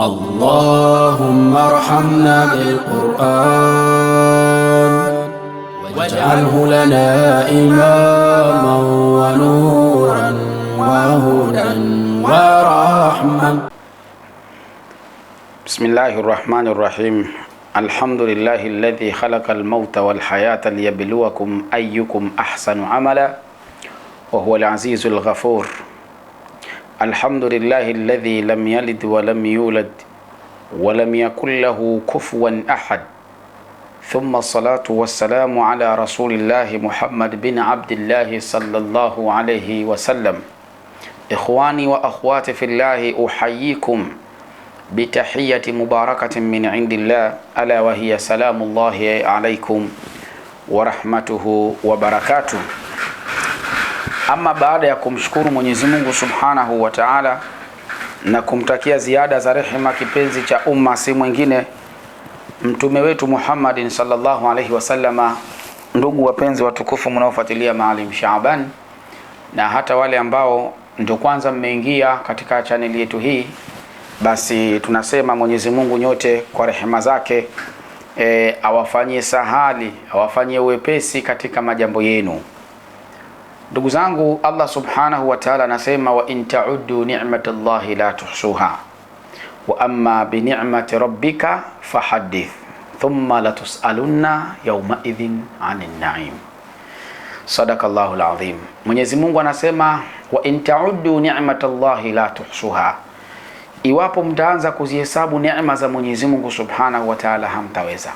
اللهم ارحمنا بالقرآن واجعله لنا إماما ونورا وهدى ورحمة بسم الله الرحمن الرحيم الحمد لله الذي خلق الموت والحياة ليبلوكم أيكم أحسن عملا وهو العزيز الغفور الحمد لله الذي لم يلد ولم يولد ولم يكن له كفوا أحد ثم الصلاة والسلام على رسول الله محمد بن عبد الله صلى الله عليه وسلم إخواني وأخواتي في الله أحييكم بتحية مباركة من عند الله ألا وهي سلام الله عليكم ورحمته وبركاته Ama baada ya kumshukuru Mwenyezi Mungu Subhanahu wa Ta'ala na kumtakia ziada za rehema kipenzi cha umma, si mwingine mtume wetu Muhammadin sallallahu alaihi wasallama. Ndugu wapenzi watukufu mnaofuatilia Maalim Shaaban na hata wale ambao ndio kwanza mmeingia katika chaneli yetu hii, basi tunasema Mwenyezi Mungu nyote kwa rehema zake e, awafanyie sahali, awafanyie uwepesi katika majambo yenu. Ndugu zangu, Allah subhanahu wa ta'ala anasema, wa in ta'uddu ni'mata Allahi la tuhsuha wa amma bi ni'mati rabbika fahaddith thumma latus'alunna yawma idhin 'anil na'im. Sadakallahu alazim. Mwenyezi Mungu anasema, wa in ta'uddu ni'mata Allahi la tuhsuha, iwapo mtaanza kuzihesabu neema za Mwenyezi Mungu subhanahu wa ta'ala hamtaweza.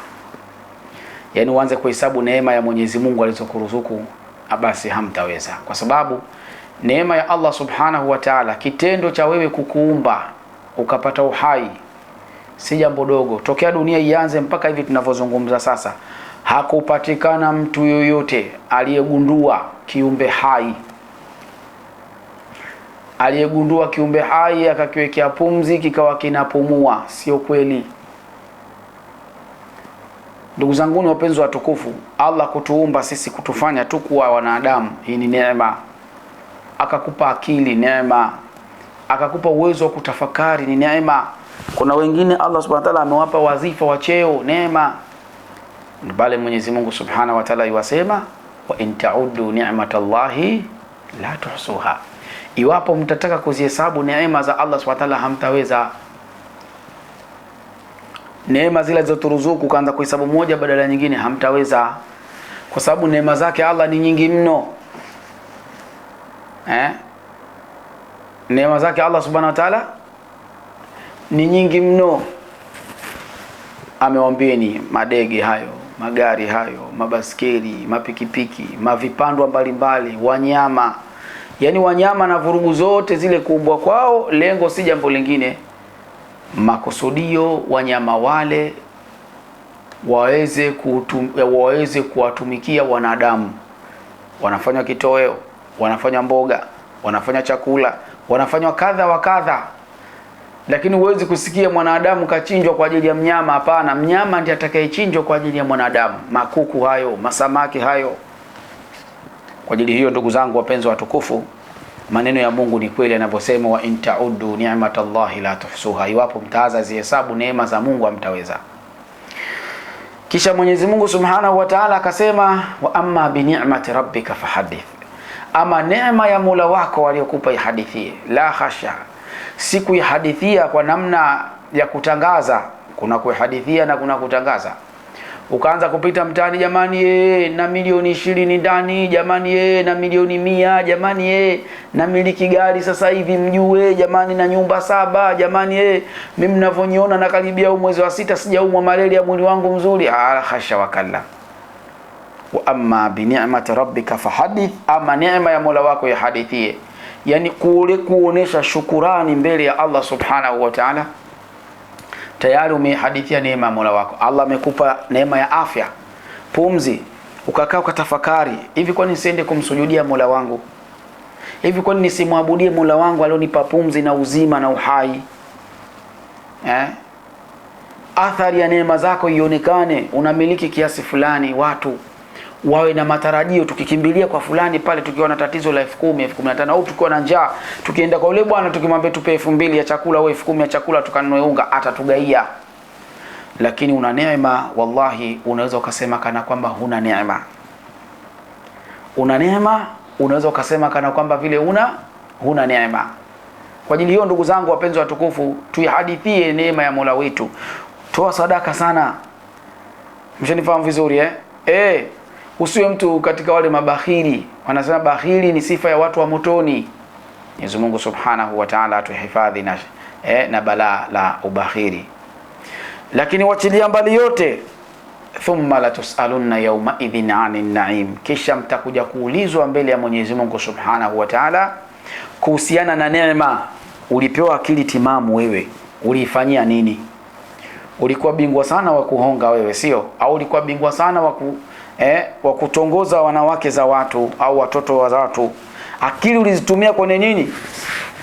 Yaani uanze kuhesabu neema ya Mwenyezi Mungu alizokuruzuku Ah, basi hamtaweza, kwa sababu neema ya Allah subhanahu wa ta'ala, kitendo cha wewe kukuumba ukapata uhai si jambo dogo. Tokea dunia ianze mpaka hivi tunavyozungumza sasa, hakupatikana mtu yoyote aliyegundua kiumbe hai aliyegundua kiumbe hai akakiwekea pumzi kikawa kinapumua. Sio kweli. Ndugu zanguni wapenzi wa tukufu, Allah kutuumba sisi kutufanya tu kuwa wanadamu, hii ni neema. Akakupa akili, neema. Akakupa uwezo wa kutafakari, ni neema. Kuna wengine Allah subhanahu wa ta'ala amewapa wazifa wa cheo, neema. Bale Mwenyezi Mungu subhanahu wa ta'ala iwasema, wa in ta'uddu ni'matallahi la tuhsuha, iwapo mtataka kuzihesabu neema za Allah subhanahu wa ta'ala hamtaweza neema zile alizoturuzuku kaanza kuhesabu moja badala nyingine, hamtaweza kwa sababu neema zake Allah ni nyingi mno eh? Neema zake Allah subhanahu wa ta'ala ni nyingi mno. Amewambieni madege hayo, magari hayo, mabaskeli, mapikipiki, mavipandwa mbalimbali, wanyama, yaani wanyama na vurugu zote zile kubwa kwao, lengo si jambo lingine makusudio wanyama wale waweze kutum, waweze kuwatumikia wanadamu. Wanafanywa kitoweo, wanafanywa mboga, wanafanywa chakula, wanafanywa kadha wa kadha, lakini huwezi kusikia mwanadamu kachinjwa kwa ajili ya mnyama. Hapana, mnyama ndiye atakayechinjwa kwa ajili ya mwanadamu. Makuku hayo, masamaki hayo. Kwa ajili hiyo, ndugu zangu wapenzi watukufu maneno ya Mungu ni kweli anavyosema, wa intaudu taudu ni'matallahi la tuhsuha, iwapo mtaaza zihesabu neema za Mungu hamtaweza. Kisha Mwenyezi Mungu Subhanahu wa Ta'ala akasema, wa amma bi ni'mati rabbika fahadith, ama neema ya Mola wako aliyokupa ihadithie. La hasha, sikuihadithia kwa namna ya kutangaza, kuna kuihadithia na kuna kutangaza ukaanza kupita mtaani, jamani ye, eh, na milioni ishirini ndani, jamani ye, eh, na milioni mia, jamani ye, eh, miliki gari sasa hivi mjue, jamani na nyumba saba, jamani ye, mimi mnavyoniona nakaribia huu mwezi wa sita sijaumwa malaria, mwili wangu mzuri, ah, hasha wakalla wa amma bi ni'mati rabbika fahadith, ama neema ya Mola wako ya hadithie, yani kule kuonesha shukurani mbele ya Allah subhanahu wa ta'ala tayari umeihadithia neema ya Mola wako. Allah amekupa neema ya afya, pumzi, ukakaa ukatafakari, hivi kwani nisiende kumsujudia Mola wangu? Hivi kwani nisimwabudie Mola wangu alionipa pumzi na uzima na uhai eh? Athari ya neema zako ionekane, unamiliki kiasi fulani watu wawe na matarajio, tukikimbilia kwa fulani pale tukiwa na tatizo la elfu kumi elfu kumi na tano au tukiwa na njaa, tukienda kwa yule bwana tukimwambia tupe elfu mbili ya chakula au elfu kumi ya chakula tukanunue unga, atatugaia. Lakini una neema, wallahi unaweza ukasema kana kwamba huna neema. Una neema, unaweza ukasema kana kwamba vile una huna neema. Kwa ajili hiyo, ndugu zangu wapenzi watukufu, tuihadithie neema ya Mola wetu. Toa sadaka sana, mshanifahamu vizuri eh? Eh, Usiwe mtu katika wale mabahili. Wanasema bahili ni sifa ya watu wa motoni. Mwenyezi Mungu Subhanahu wa Ta'ala atuhifadhi na, eh, na balaa la ubahili. Lakini wachilia mbali yote, thumma latusalunna yawma idhin anin naim, kisha mtakuja kuulizwa mbele ya Mwenyezi Mungu Subhanahu wa Ta'ala kuhusiana na neema. Ulipewa akili timamu wewe, uliifanyia nini? Ulikuwa bingwa sana wa kuhonga wewe, sio? Au ulikuwa bingwa sana wa ku eh, wa kutongoza wanawake za watu au watoto wa watu. Akili ulizitumia kwenye nini?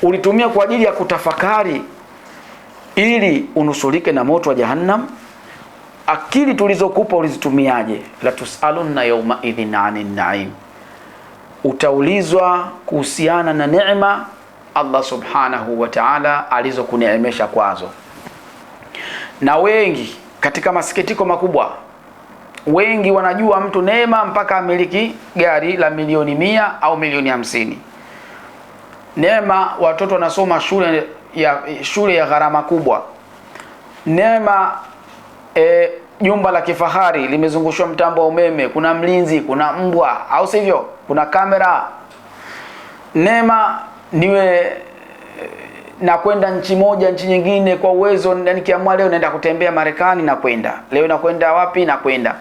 Ulitumia kwa ajili ya kutafakari ili unusulike na moto wa Jahannam. Akili tulizokupa ulizitumiaje? la tusaluna yauma idhin anin naim, utaulizwa kuhusiana na neema Allah subhanahu wa ta'ala alizokuneemesha kwazo. Na wengi katika masikitiko makubwa wengi wanajua mtu Neema mpaka amiliki gari la milioni mia au milioni hamsini. Neema watoto wanasoma shule ya shule ya gharama kubwa. Neema e, jumba la kifahari limezungushiwa mtambo wa umeme, kuna mlinzi, kuna mbwa, au sivyo? Kuna kamera. Neema niwe e, na kwenda nchi moja nchi nyingine kwa uwezo, nikiamua leo naenda kutembea Marekani, nakwenda leo, nakwenda wapi, nakwenda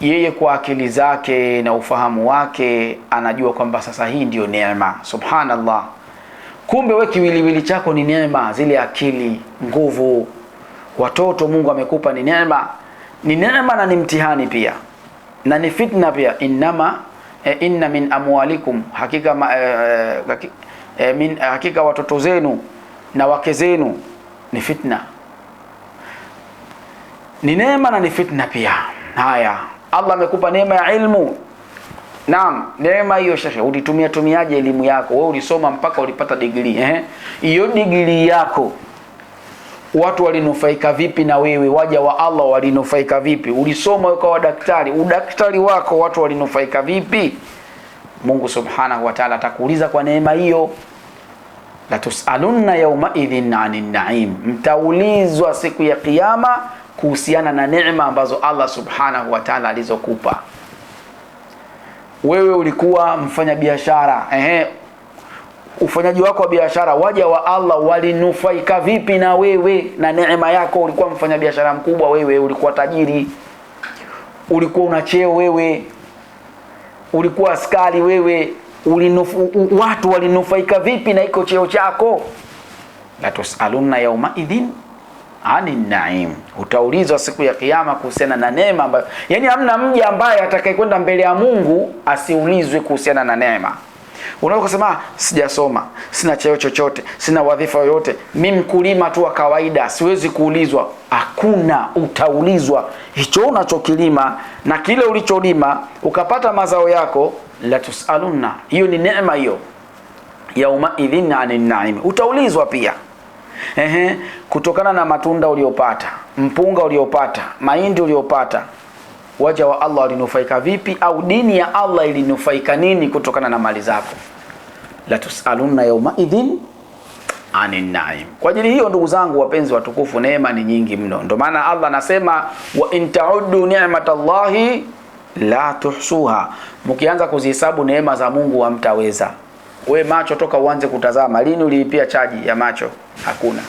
yeye kwa akili zake na ufahamu wake anajua kwamba sasa hii ndiyo neema. Subhanallah, kumbe we kiwiliwili chako ni neema, zile akili, nguvu, watoto Mungu amekupa ni neema, ni neema na ni mtihani pia na ni fitna pia. Innama e, inna min amwalikum hakika, ma, e, e, min, hakika watoto zenu na wake zenu ni fitna, ni neema na ni fitna pia. Haya. Allah amekupa neema ya ilmu. Naam, neema hiyo shekhe, ulitumia tumiaje elimu yako? Wewe ulisoma mpaka ulipata degree eh? Hiyo degree yako watu walinufaika vipi? Na wewe waja wa Allah walinufaika vipi? Ulisoma ukawa daktari, udaktari wako watu walinufaika vipi? Mungu subhanahu wa ta'ala atakuuliza kwa neema hiyo. Latusalunna tusaluna yawma idhin anin naim, mtaulizwa siku ya Kiyama kuhusiana na neema ambazo Allah subhanahu wa ta'ala alizokupa wewe. Ulikuwa mfanyabiashara ehe, ufanyaji wako wa biashara, waja wa Allah walinufaika vipi na wewe na neema yako? Ulikuwa mfanyabiashara mkubwa wewe, ulikuwa tajiri, ulikuwa una cheo wewe, ulikuwa askari wewe, ulinufu, watu walinufaika vipi na iko cheo chako? la tusaluna idhin ani naim, utaulizwa siku ya Kiyama kuhusiana na neema ambayo, yani hamna mja ambaye atakayekwenda mbele ya Mungu asiulizwe kuhusiana na neema. Unaweza kusema ah, sijasoma, sina cheo chochote, sina wadhifa yoyote, mi mkulima tu wa kawaida, siwezi kuulizwa. Hakuna, utaulizwa hicho unachokilima na kile ulicholima ukapata mazao yako, latusaluna. Hiyo ni neema hiyo, yaumaidhin ani naim, utaulizwa pia. Ehe, kutokana na matunda uliopata, mpunga uliopata, mahindi uliopata, waja wa Allah walinufaika vipi? Au dini ya Allah ilinufaika nini kutokana na mali zako? la tusaluna yauma idhin anin naim. Kwa ajili hiyo, ndugu zangu wapenzi watukufu, neema ni nyingi mno. Ndio maana Allah anasema wa in taudu ni'matallahi la tuhsuha, mkianza kuzihesabu neema za Mungu hamtaweza. We macho toka uanze kutazama, lini uliipia chaji ya macho? Hakuna.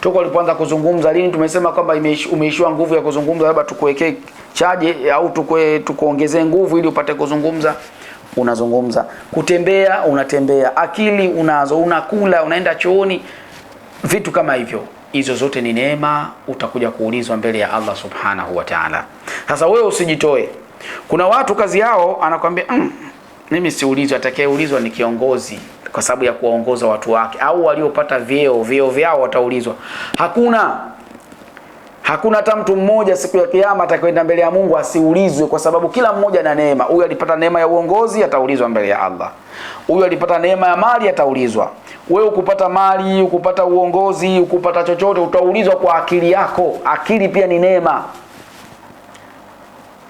Toka ulipoanza kuzungumza, lini tumesema kwamba umeishiwa nguvu ya kuzungumza, labda tukuwekee chaji au tukue tukuongezee nguvu ili upate kuzungumza? Unazungumza. Kutembea, unatembea. Akili unazo, unakula, unaenda chooni, vitu kama hivyo. Hizo zote ni neema, utakuja kuulizwa mbele ya Allah subhanahu wa ta'ala. Sasa wewe usijitoe. Kuna watu kazi yao anakwambia mm, mimi siulizwi, atakayeulizwa ni kiongozi kwa sababu ya kuwaongoza watu wake, au waliopata vyeo vyeo vyao wataulizwa. Hakuna hakuna hata mtu mmoja siku ya Kiyama atakayeenda mbele ya Mungu asiulizwe, kwa sababu kila mmoja na neema. Huyu alipata neema ya uongozi, ataulizwa mbele ya Allah. Huyu alipata neema ya mali, ataulizwa. Wewe ukupata mali, ukupata uongozi, ukupata chochote, utaulizwa kwa akili yako. Akili pia ni neema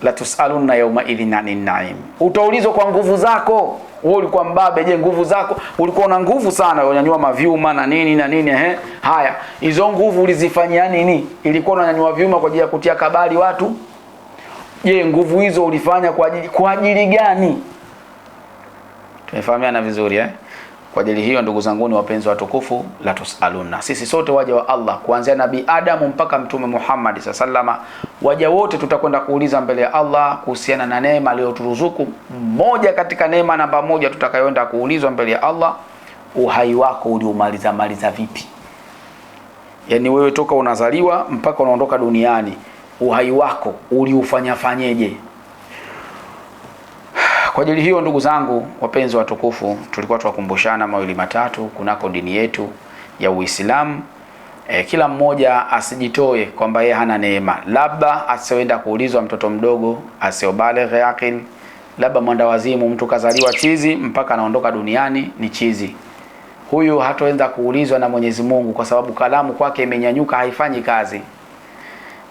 la tusaluna yauma idhin anin naim, utaulizwa kwa nguvu zako. Wewe ulikuwa mbabe, je, nguvu zako? Ulikuwa una nguvu sana, unanyanyua mavyuma na nini na nini ehe. Haya, hizo nguvu ulizifanyia nini? Ilikuwa unanyanyua vyuma kwa ajili ya kutia kabali watu? Je, nguvu hizo ulifanya kwa ajili kwa ajili gani? Tumefahamiana vizuri eh? Kwa ajili hiyo, ndugu zanguni wapenzi wa tukufu la tusaluna, sisi sote waja wa Allah kuanzia Nabii Adamu mpaka Mtume Muhammad sallama, waja wote tutakwenda kuuliza mbele ya Allah kuhusiana na neema aliyoturuzuku. Moja katika neema namba moja tutakayoenda kuulizwa mbele ya Allah, uhai wako uliomaliza maliza vipi? Yaani wewe toka unazaliwa mpaka unaondoka duniani, uhai wako uliufanya fanyeje? Kwa ajili hiyo, ndugu zangu wapenzi watukufu, tulikuwa tuwakumbushana mawili matatu kunako dini yetu ya Uislamu. E, kila mmoja asijitoe kwamba yeye hana neema, labda asioenda kuulizwa mtoto mdogo asiobalighe akili, labda wazimu, mtu kazaliwa chizi mpaka anaondoka duniani ni chizi. Huyu hatoenda kuulizwa na Mwenyezi Mungu kwa sababu kalamu kwake imenyanyuka, haifanyi kazi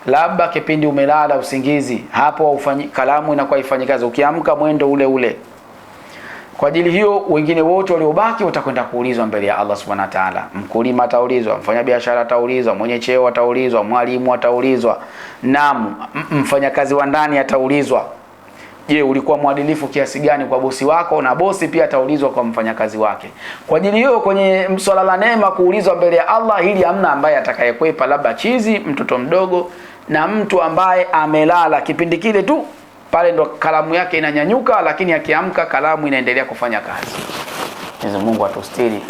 labda kipindi umelala usingizi, hapo ufanyi, kalamu inakuwa ifanyi kazi, ukiamka mwendo ule ule. Kwa ajili hiyo wengine wote waliobaki watakwenda kuulizwa mbele ya Allah subhanahu wa ta'ala. Mkulima ataulizwa, mfanyabiashara ataulizwa, mwenye cheo ataulizwa, mwalimu ataulizwa, naam, mfanyakazi wa ndani ataulizwa. Je, ulikuwa mwadilifu kiasi gani kwa bosi wako? Na bosi pia ataulizwa kwa mfanyakazi wake. Kwa ajili hiyo, kwenye swala la neema kuulizwa mbele ya Allah, hili hamna ambaye atakayekwepa, labda chizi, mtoto mdogo na mtu ambaye amelala kipindi kile tu pale ndo kalamu yake inanyanyuka, lakini akiamka kalamu inaendelea kufanya kazi. Mwenyezi Mungu atustiri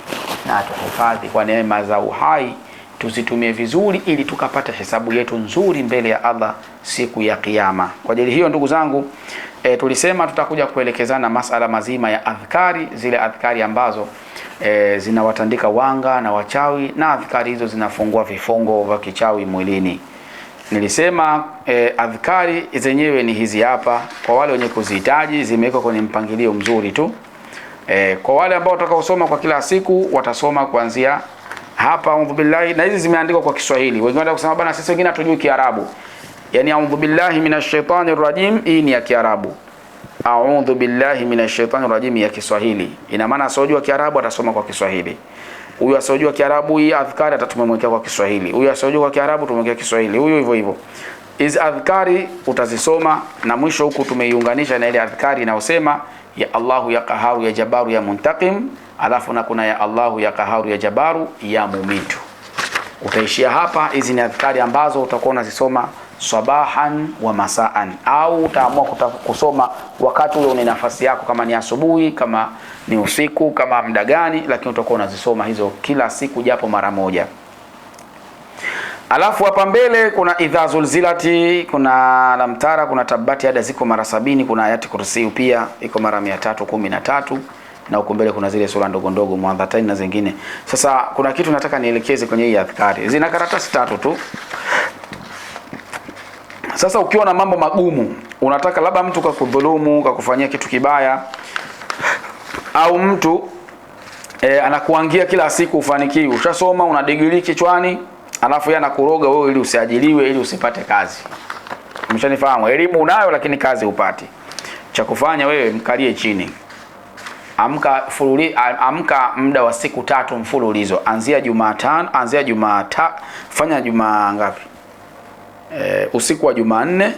na atuhifadhi kwa neema za uhai, tuzitumie vizuri ili tukapata hesabu yetu nzuri mbele ya Allah siku ya Kiyama. Kwa ajili hiyo, ndugu zangu, e, tulisema tutakuja kuelekezana masala mazima ya adhkari, zile adhkari ambazo e, zinawatandika wanga na wachawi, na adhkari hizo zinafungua vifungo vya kichawi mwilini. Nilisema e, adhkari zenyewe ni hizi hapa, kwa wale wenye kuzihitaji zimewekwa kwenye mpangilio mzuri tu. E, kwa wale ambao watakaosoma kwa kila siku watasoma kuanzia hapa audhu billahi, na hizi zimeandikwa kwa Kiswahili. Wengine wanataka kusema bana, sisi wengine hatujui Kiarabu. Yani audhu billahi minashaitani rajim, hii ni ya Kiarabu. Audhu billahi minashaitani rajim ya Kiswahili, ina maana asiojua Kiarabu atasoma kwa Kiswahili. Huyu asiojua Kiarabu hii adhkari hata tumemwekea kwa Kiswahili. Huyu asiojua kwa Kiarabu tumemwekea Kiswahili. Huyu hivyo hivyo. Hizi adhkari utazisoma na mwisho huku tumeiunganisha na ile adhkari inayosema ya Allahu ya Qaharu ya Jabaru ya Muntaqim, alafu na kuna ya Allahu ya Qaharu ya Jabaru ya Mumitu. Utaishia hapa. Hizi ni adhkari ambazo utakuwa unazisoma sabahan wa masaan, au utaamua kusoma wakati ule una nafasi yako, kama ni asubuhi, kama ni usiku, kama muda gani, lakini utakuwa unazisoma hizo kila siku japo mara moja. Alafu hapa mbele kuna idha zulzilati, kuna lamtara, kuna tabati ada ziko mara sabini, kuna ayati kursi pia iko mara mia tatu kumi na tatu na huko mbele kuna zile sura ndogo ndogo muadhatain na zingine. Sasa kuna kitu nataka nielekeze kwenye hii adhkari, zina karatasi tatu tu. Sasa ukiwa na mambo magumu, unataka labda mtu kakudhulumu, kakufanyia kitu kibaya, au mtu e, anakuangia kila siku ufanikiwe. Ushasoma, una degree kichwani, alafu yeye anakuroga wewe ili usiajiliwe, ili usipate kazi. Umeshanifahamu? Elimu unayo lakini kazi upati. Cha kufanya wewe, mkalie chini. Amka fululi, amka muda wa siku tatu mfululizo. Anzia Jumatano, anzia Jumata, fanya Jumaa ngapi? e, usiku wa Jumanne,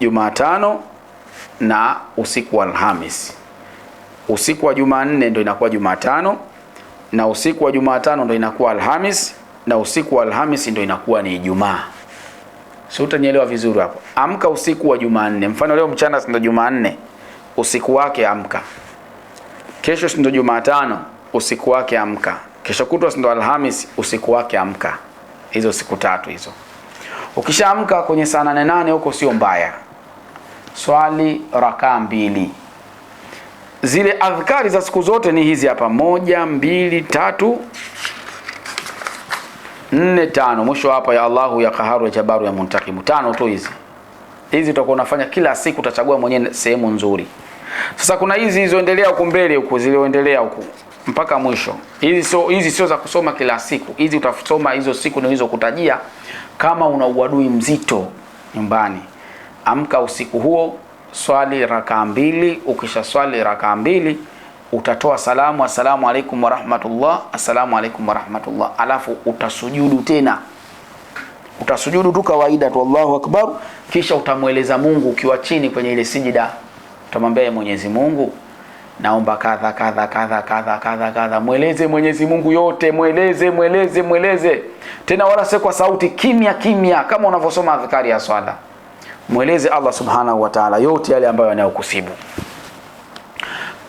Jumatano na usiku wa Alhamis. Usiku wa Jumanne ndio inakuwa Jumatano na usiku wa Jumatano ndio inakuwa Alhamis na usiku wa Alhamis ndio inakuwa ni Ijumaa. Si utanielewa vizuri hapo. Amka usiku wa Jumanne. Mfano leo mchana ndio Jumanne, usiku wake amka. Kesho ndio Jumatano, usiku wake amka. Kesho kutwa ndio Alhamis, usiku wake amka. Hizo siku tatu hizo. Ukishaamka kwenye saa nane nane huko sio mbaya, swali rakaa mbili. Zile adhkari za siku zote ni hizi hapa: moja, mbili, tatu, nne, tano, mwisho hapa ya Allahu ya kaharu ya Jabaru ya Muntakimu, tano tu hizi hizi utakuwa unafanya kila siku, utachagua mwenyewe sehemu nzuri. Sasa kuna hizi zilizoendelea huko mbele huko zilioendelea huko mpaka mwisho, hizi sio hizi sio za kusoma kila siku, hizi utasoma hizo siku nilizokutajia kama una uadui mzito nyumbani, amka usiku huo, swali rakaa mbili. Ukisha swali rakaa mbili, utatoa salamu, assalamu alaikum warahmatullah, assalamu alaikum warahmatullah, alafu utasujudu tena utasujudu tu kawaida tu, Allahu akbar. Kisha utamweleza Mungu ukiwa chini kwenye ile sijida, utamwambia ee Mwenyezi Mungu naomba kadha kadha kadha kadha kadha kadha. Mweleze Mwenyezi Mungu yote, mweleze mweleze mweleze, tena wala si kwa sauti, kimya kimya, kama unavyosoma adhkari ya swala. Mweleze Allah subhanahu wa ta'ala yote yale ambayo yanayokusibu.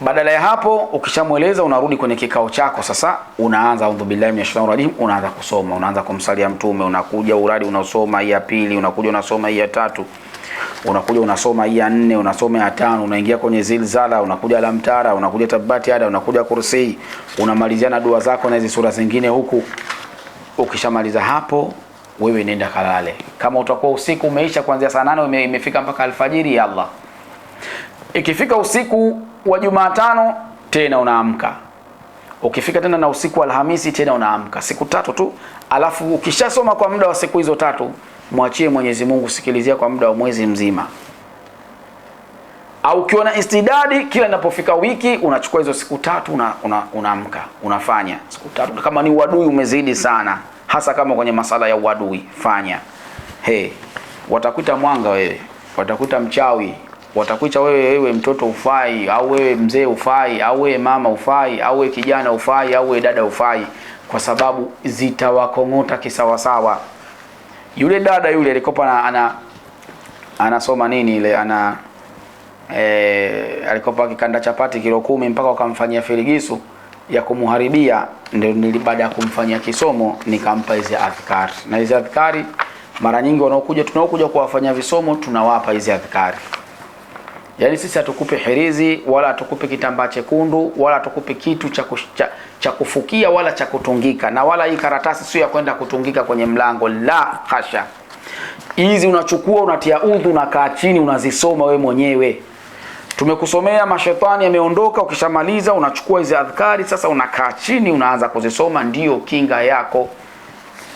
Badala ya hapo, ukishamweleza unarudi kwenye kikao chako. Sasa unaanza audhu billahi minashaitanir rajim, unaanza kusoma, unaanza kumsalia Mtume, unakuja uradi, unasoma hii ya pili, unakuja unasoma hii ya tatu unakuja unasoma hii ya nne, unasoma ya tano, unaingia kwenye zilzala, unakuja alamtara, unakuja tabati ada, unakuja kursi, unamalizia na dua zako na hizi sura zingine huku. Ukishamaliza hapo wewe nenda kalale. Kama utakuwa usiku umeisha kuanzia saa nane imefika mpaka alfajiri ya Allah. Ikifika usiku wa Jumatano tena unaamka. Ukifika tena na usiku wa Alhamisi tena unaamka. Siku tatu tu alafu ukishasoma kwa muda wa siku hizo tatu, mwachie Mwenyezi Mungu, sikilizia kwa muda wa mwezi mzima. Au ukiona istidadi, kila inapofika wiki unachukua hizo siku tatu, unaamka una, unaamka unafanya siku tatu. Kama ni uadui umezidi sana, hasa kama kwenye masala ya uadui, fanya hey, watakuta mwanga wewe, watakuta mchawi watakuita wewe, wewe mtoto ufai, au wewe mzee ufai, au wewe mama ufai, au wewe kijana ufai, au wewe dada ufai, kwa sababu zitawakong'ota kisawasawa. Yule dada yule alikopa ana, ana anasoma nini ile ana eh, alikopa kikanda chapati kilo kumi mpaka wakamfanyia firigisu ya kumuharibia. Ndio baada ya kumfanyia kisomo nikampa hizi adhkari, na hizi adhkari mara nyingi wanaokuja tunaokuja kuwafanyia visomo tunawapa hizi adhkari. Yaani sisi hatukupi hirizi wala hatukupi kitambaa chekundu wala hatukupi kitu cha cha kufukia wala cha kutungika, na wala hii karatasi sio ya kwenda kutungika kwenye mlango, la hasha. Hizi unachukua unatia udhu, unakaa chini, unazisoma we mwenyewe. Tumekusomea, mashetani yameondoka. Ukishamaliza unachukua hizi adhkari, sasa unakaa chini, unaanza kuzisoma, ndiyo kinga yako.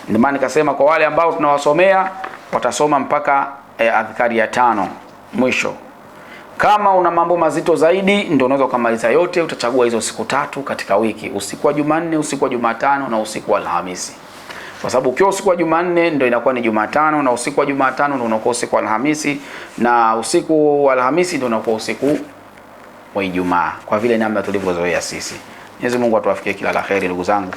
Ndio maana nikasema kwa wale ambao tunawasomea watasoma mpaka eh, adhkari ya tano mwisho. Kama una mambo mazito zaidi, ndio unaweza ukamaliza yote, utachagua hizo siku tatu katika wiki, usiku wa Jumanne, usiku wa Jumatano na usiku wa Alhamisi, kwa sababu ukiwa usiku wa Jumanne ndio inakuwa ni Jumatano, na usiku wa Jumatano ndio unakuwa usiku wa Alhamisi, na usiku wa Alhamisi ndio unakuwa usiku wa Ijumaa, kwa vile namna tulivyozoea sisi. Mwenyezi Mungu atuafikie kila la kheri, ndugu zangu.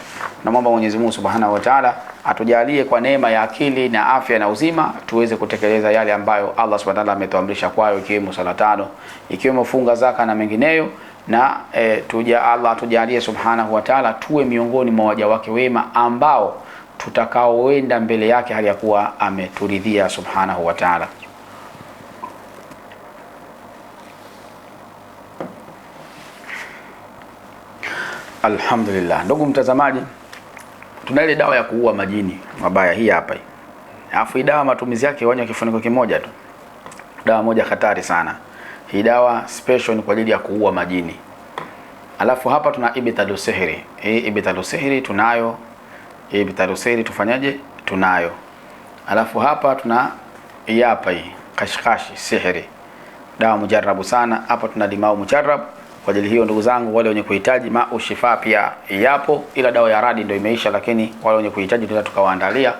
Namwomba Mwenyezi Mungu Subhanahu wa Ta'ala atujalie kwa neema ya akili na afya na uzima tuweze kutekeleza yale ambayo Allah Subhanahu wa Ta'ala ametuamrisha kwayo, ikiwemo sala tano, ikiwemo funga, zaka na mengineyo na e, tuja Allah atujalie Subhanahu wa Ta'ala tuwe miongoni mwa waja wake wema ambao tutakaoenda mbele yake hali ya kuwa ameturidhia Subhanahu wa Ta'ala. Alhamdulillah, ndugu mtazamaji, tuna ile dawa ya kuua majini mabaya, hii hapa hii. Alafu hii dawa matumizi yake wanywa kifuniko kimoja tu, dawa moja hatari sana hii dawa special ni kwa ajili ya kuua majini. Alafu hapa tuna ibtalu sihri. Hii ibtalu sihri tunayo, ibtalu sihri tufanyaje? Tunayo. Alafu hapa tuna hii hapa hii kashkashi sihri, dawa mujarabu sana. Hapa tuna limau mujarab kwa ajili hiyo, ndugu zangu, wale wenye kuhitaji ma ushifa pia yapo, ila dawa ya radi ndio imeisha, lakini wale wenye kuhitaji tunaweza tukawaandalia,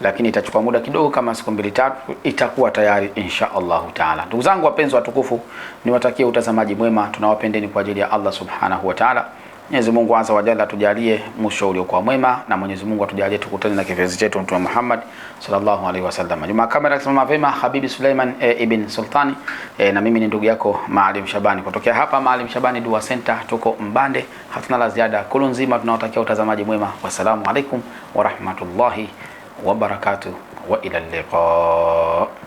lakini itachukua muda kidogo, kama siku mbili tatu itakuwa tayari insha Allahu taala. Ndugu zangu wapenzi watukufu, niwatakie utazamaji mwema, tunawapendeni kwa ajili ya Allah subhanahu wa taala. Mwenyezi Mungu anza wajala tujalie atujalie mwisho uliokuwa mwema, na Mwenyezi Mungu atujalie tukutane na kipenzi chetu Mtume Muhammad sallallahu alaihi wasallam. Nyuma kamera akisimama vema Habibi Suleiman e, ibn Sultani e, eh, na mimi ni ndugu yako Maalim Shabani kutokea hapa Maalim Shabani Dua Center, tuko Mbande. Hatuna la ziada, kulu nzima tunawatakia utazamaji mwema. Wassalamu alaikum warahmatullahi wabarakatuh wa ila liqa